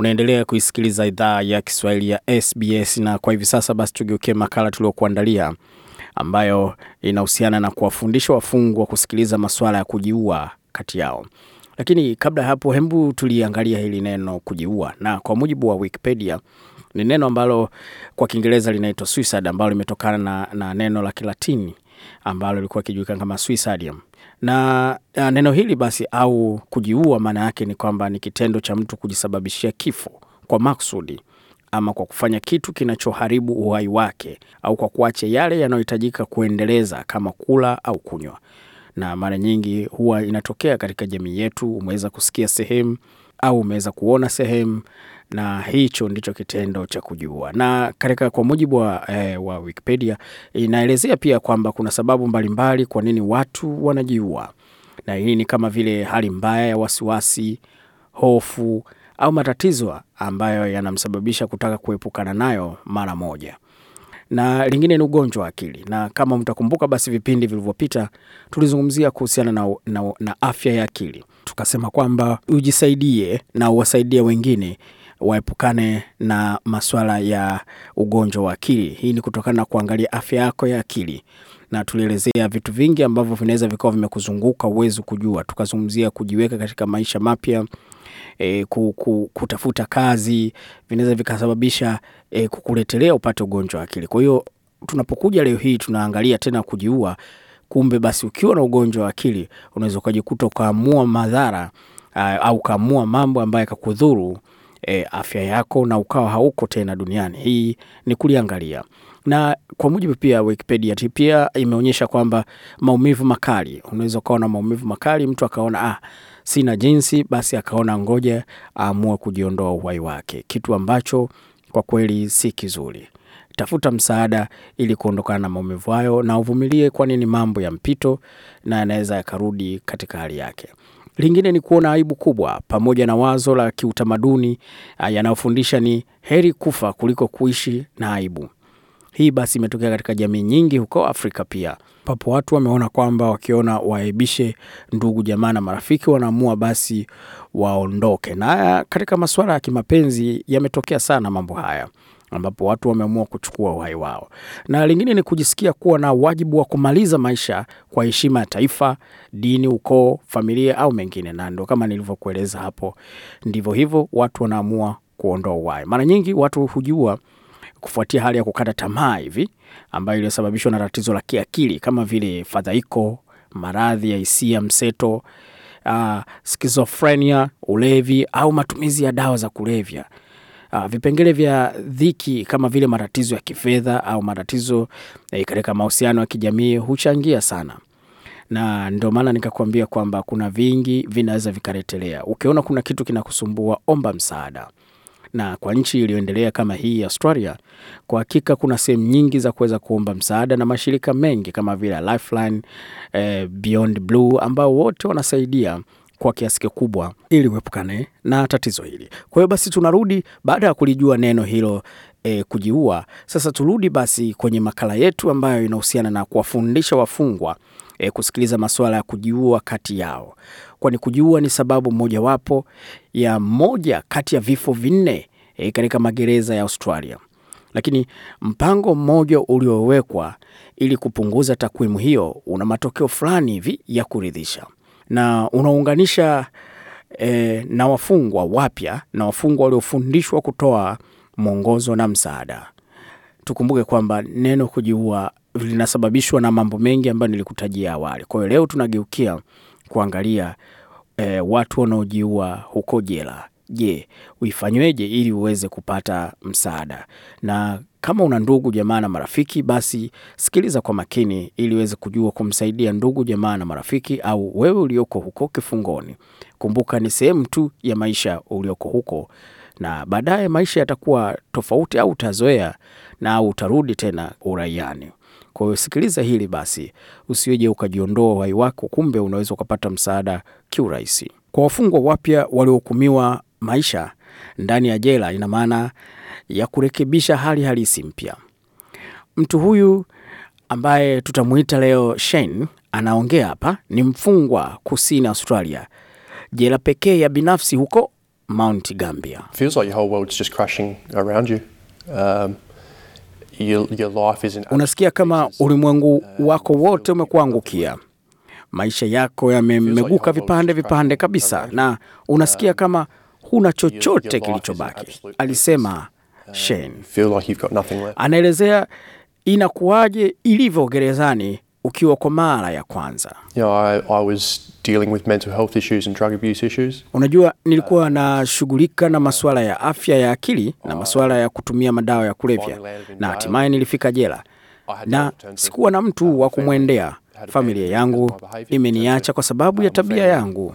Unaendelea kuisikiliza idhaa ya Kiswahili ya SBS, na kwa hivi sasa basi tugeukie makala tuliokuandalia ambayo inahusiana na kuwafundisha wafungwa kusikiliza masuala ya kujiua kati yao. Lakini kabla ya hapo, hebu tuliangalia hili neno kujiua, na kwa mujibu wa Wikipedia ni neno ambalo kwa Kiingereza linaitwa suicide ambalo limetokana na, na neno la Kilatini ambalo lilikuwa likijulikana kama suicidium na uh, neno hili basi au kujiua, maana yake ni kwamba ni kitendo cha mtu kujisababishia kifo kwa maksudi ama kwa kufanya kitu kinachoharibu uhai wake au kwa kuacha yale yanayohitajika kuendeleza kama kula au kunywa. Na mara nyingi huwa inatokea katika jamii yetu. Umeweza kusikia sehemu au umeweza kuona sehemu na hicho ndicho kitendo cha kujua. Na katika kwa mujibu wa, eh, wa Wikipedia inaelezea pia kwamba kuna sababu mbalimbali kwa nini watu wanajiua, na hii ni kama vile hali mbaya ya wasiwasi, hofu au matatizo ambayo yanamsababisha kutaka kuepukana nayo mara moja na lingine ni ugonjwa wa akili. Na kama mtakumbuka, basi vipindi vilivyopita tulizungumzia kuhusiana na, na, na afya ya akili, tukasema kwamba ujisaidie na uwasaidie wengine waepukane na masuala ya ugonjwa wa akili. Hii ni kutokana na kuangalia afya yako ya akili na tulielezea vitu vingi ambavyo vinaweza vikawa vimekuzunguka uwezi kujua. Tukazungumzia kujiweka katika maisha mapya e, kutafuta kazi vinaweza vikasababisha e, kukuletelea upate ugonjwa wa akili. Kwa hiyo tunapokuja leo hii tunaangalia tena kujiua, kumbe basi ukiwa na ugonjwa wa akili unaweza ukajikuta ukaamua madhara uh, au kaamua mambo ambayo yakakudhuru e, afya yako na ukawa hauko tena duniani. Hii ni kuliangalia na kwa mujibu pia Wikipedia pia imeonyesha kwamba maumivu makali, unaweza ukaona maumivu makali, mtu akaona ah, sina jinsi, basi akaona ngoja aamua kujiondoa uhai wake, kitu ambacho kwa kweli si kizuri. Tafuta msaada ili kuondokana na maumivu hayo na uvumilie, kwani ni mambo ya mpito na yanaweza yakarudi katika hali yake. Lingine ni kuona aibu kubwa pamoja na wazo la kiutamaduni ah, yanayofundisha ni heri kufa kuliko kuishi na aibu. Hii basi imetokea katika jamii nyingi huko Afrika pia, ambapo watu wameona kwamba wakiona waaibishe ndugu, jamaa na marafiki, wanaamua basi waondoke. Na ah, katika masuala ya kimapenzi yametokea sana mambo haya ambapo watu wameamua kuchukua uhai wao, na lingine ni kujisikia kuwa na wajibu wa kumaliza maisha kwa heshima ya taifa, dini, ukoo, familia au mengine. Na ndo kama nilivyokueleza hapo, ndivyo hivyo watu wanaamua kuondoa uhai. Mara nyingi watu hujua kufuatia hali ya kukata tamaa hivi ambayo iliyosababishwa na tatizo la kiakili kama vile fadhaiko, maradhi ya hisia mseto, uh, ah, skizofrenia, ulevi au matumizi ya dawa za kulevya. Uh, vipengele vya dhiki kama vile matatizo ya kifedha au matatizo eh, katika mahusiano ya kijamii huchangia sana, na ndio maana nikakwambia kwamba kuna vingi vinaweza vikaretelea. Ukiona kuna kitu kinakusumbua, omba msaada na kwa nchi iliyoendelea kama hii Australia, kwa hakika kuna sehemu nyingi za kuweza kuomba msaada na mashirika mengi kama vile Lifeline, eh, Beyond Blue ambao wote wanasaidia kwa kiasi kikubwa ili uepukane na tatizo hili. Kwa hiyo basi tunarudi baada ya kulijua neno hilo E, kujiua. Sasa turudi basi kwenye makala yetu ambayo inahusiana na kuwafundisha wafungwa e, kusikiliza masuala ya kujiua kati yao, kwani kujiua ni sababu mojawapo ya moja kati ya vifo vinne e, katika magereza ya Australia. Lakini mpango mmoja uliowekwa ili kupunguza takwimu hiyo una matokeo fulani hivi ya kuridhisha na unaunganisha e, na wafungwa wapya na wafungwa waliofundishwa kutoa mwongozo na msaada. Tukumbuke kwamba neno kujiua linasababishwa na mambo mengi ambayo nilikutajia awali. Kwa hiyo leo tunageukia kuangalia e, watu wanaojiua huko jela je, uifanyweje ili uweze kupata msaada. Na kama una ndugu jamaa na marafiki, basi sikiliza kwa makini ili uweze kujua kumsaidia ndugu jamaa na marafiki au wewe ulioko huko kifungoni. Kumbuka ni sehemu tu ya maisha ulioko huko, na baadaye maisha yatakuwa tofauti, au utazoea na au utarudi tena uraiani. Kwa hiyo sikiliza hili basi, usiweje ukajiondoa uhai wako, kumbe unaweza ukapata msaada kiurahisi. Kwa wafungwa wapya waliohukumiwa maisha ndani ya jela ina maana ya kurekebisha hali halisi mpya. Mtu huyu ambaye tutamuita leo Shane anaongea hapa, ni mfungwa kusini Australia, jela pekee ya binafsi huko Mount Gambia. Feels like your whole world's just crashing around you. Um, your, your life is in... Unasikia kama ulimwengu uh, wako wote umekuangukia maisha yako yamemeguka vipande vipande kabisa, na unasikia um, kama huna chochote kilichobaki, alisema um, Shane. Anaelezea inakuwaje ilivyo gerezani ukiwa kwa mara ya kwanza. Unajua, nilikuwa um, nashughulika na masuala ya afya ya akili na masuala ya kutumia madawa ya kulevya, na hatimaye nilifika jela na sikuwa na mtu wa kumwendea Familia yangu imeniacha kwa sababu ya tabia yangu.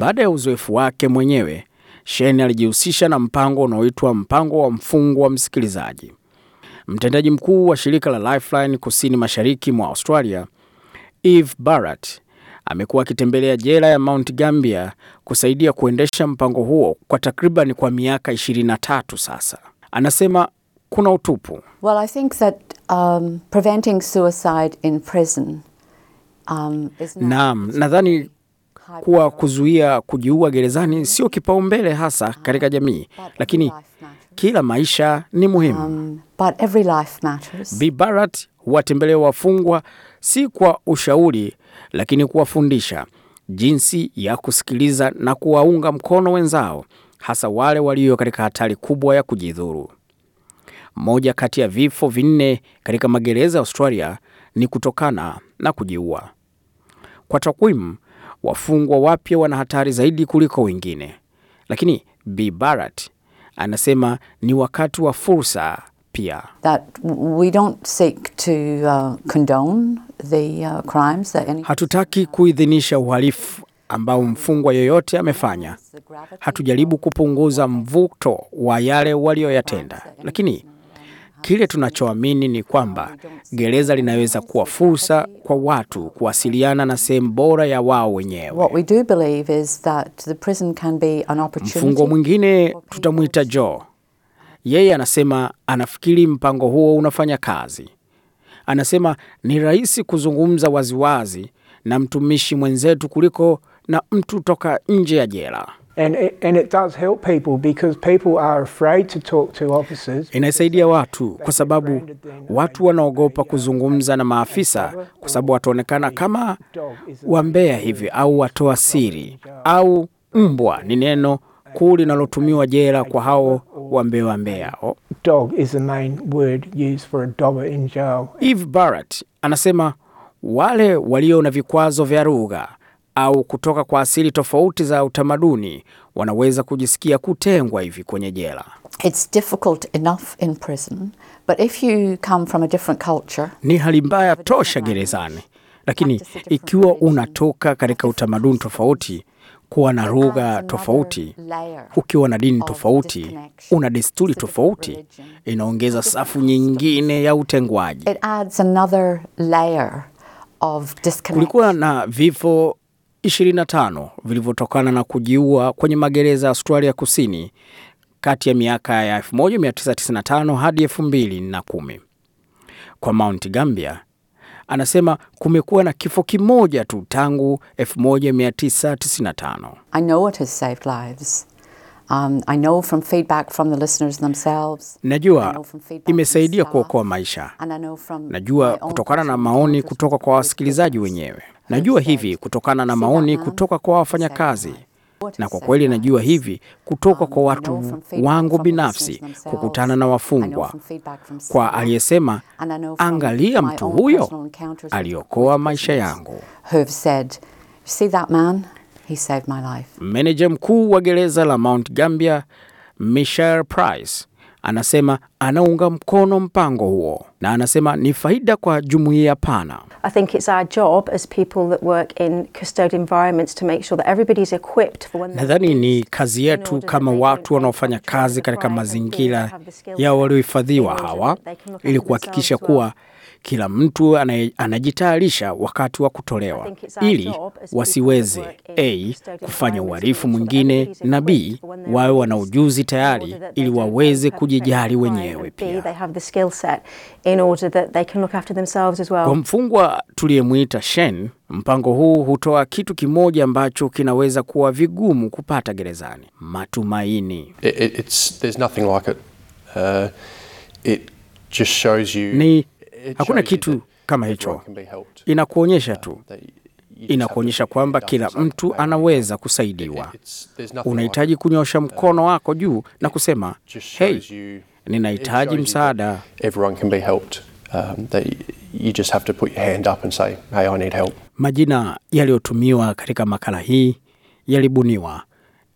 Baada ya uzoefu wake mwenyewe, Shane alijihusisha na mpango unaoitwa mpango wa mfungwa wa msikilizaji. Mtendaji mkuu wa shirika la Lifeline kusini mashariki mwa Australia, Eve Barrett amekuwa akitembelea jela ya Mount Gambier kusaidia kuendesha mpango huo kwa takriban kwa miaka 23 sasa. Anasema kuna utupu. Well, I think that um, preventing suicide in prison. Um, naam, nadhani kuwa kuzuia kujiua gerezani sio kipaumbele hasa um, katika jamii, lakini kila maisha ni muhimu. Um, Bi Barrett huwatembelea wafungwa si kwa ushauri, lakini kuwafundisha jinsi ya kusikiliza na kuwaunga mkono wenzao, hasa wale walio katika hatari kubwa ya kujidhuru. Moja kati ya vifo vinne katika magereza ya Australia ni kutokana na kujiua. Kwa takwimu, wafungwa wapya wana hatari zaidi kuliko wengine, lakini B Barrett anasema ni wakati wa fursa pia. Hatutaki kuidhinisha uhalifu ambao mfungwa yoyote amefanya. Hatujaribu kupunguza mvuto wa yale walioyatenda, lakini Kile tunachoamini ni kwamba gereza linaweza kuwa fursa kwa watu kuwasiliana na sehemu bora ya wao wenyewe. Mfungo mwingine tutamwita Joe. Yeye anasema anafikiri mpango huo unafanya kazi. Anasema ni rahisi kuzungumza waziwazi na mtumishi mwenzetu kuliko na mtu toka nje ya jela. And it, and it does help people because people are afraid to talk to officers. Inasaidia watu kwa sababu watu wanaogopa kuzungumza na maafisa kwa sababu wataonekana kama wambea hivi au watoa siri au mbwa. Ni neno kuu linalotumiwa jela kwa hao wambea wambea. Dog is the main word used for a dog in jail. Eve Barrett anasema wale walio na vikwazo vya lugha au kutoka kwa asili tofauti za utamaduni wanaweza kujisikia kutengwa hivi kwenye jela. It's difficult enough in prison, but if you come from a different culture, ni hali mbaya tosha gerezani, lakini ikiwa unatoka katika utamaduni tofauti, kuwa na lugha tofauti, ukiwa na dini tofauti, una desturi tofauti, inaongeza safu nyingine ya utengwaji. It adds another layer of disconnection. Kulikuwa na vifo 25 vilivyotokana na kujiua kwenye magereza ya Australia Kusini kati ya miaka ya 1995 hadi 2010. Kwa Mount Gambia anasema kumekuwa na kifo kimoja tu tangu 1995. I know it has saved lives. Um, I know from feedback from the listeners themselves. Najua imesaidia kuokoa maisha. Najua kutokana na maoni kutoka kwa wasikilizaji wenyewe. Najua hivi kutokana na maoni kutoka kwa wafanyakazi na kwa kweli najua hivi kutoka kwa watu wangu binafsi, kukutana na wafungwa, kwa aliyesema, angalia mtu huyo aliokoa maisha yangu. Meneja mkuu wa gereza la Mount Gambia Michelle Price anasema anaunga mkono mpango huo na anasema ni faida kwa jumuiya pana. I think it's our job as people that work in custodial environments to make sure that equipped for when. Nadhani ni kazi yetu kama watu wanaofanya kazi katika mazingira yao waliohifadhiwa hawa, ili kuhakikisha kuwa kila mtu anajitayarisha wakati wa kutolewa ili wasiweze a kufanya uhalifu mwingine na b wawe wana ujuzi tayari ili waweze kujijali wenyewe pia. Kwa mfungwa tuliyemwita Shen, mpango huu hutoa kitu kimoja ambacho kinaweza kuwa vigumu kupata gerezani: matumaini. It, it's, uh, ni Hakuna kitu kama hicho, inakuonyesha tu inakuonyesha kwamba kila mtu anaweza kusaidiwa. Unahitaji kunyosha mkono wako juu na kusema hey, ninahitaji msaada. Um, majina yaliyotumiwa katika makala hii yalibuniwa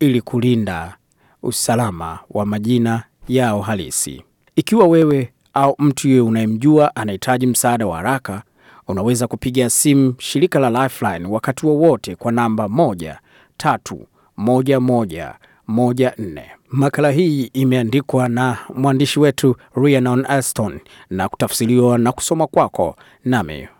ili kulinda usalama wa majina yao halisi. Ikiwa wewe au mtu yeye unayemjua anahitaji msaada wa haraka, unaweza kupiga simu shirika la Lifeline wakati wowote wa kwa namba 131114. Makala hii imeandikwa na mwandishi wetu Rhiannon aston na kutafsiriwa na kusoma kwako nami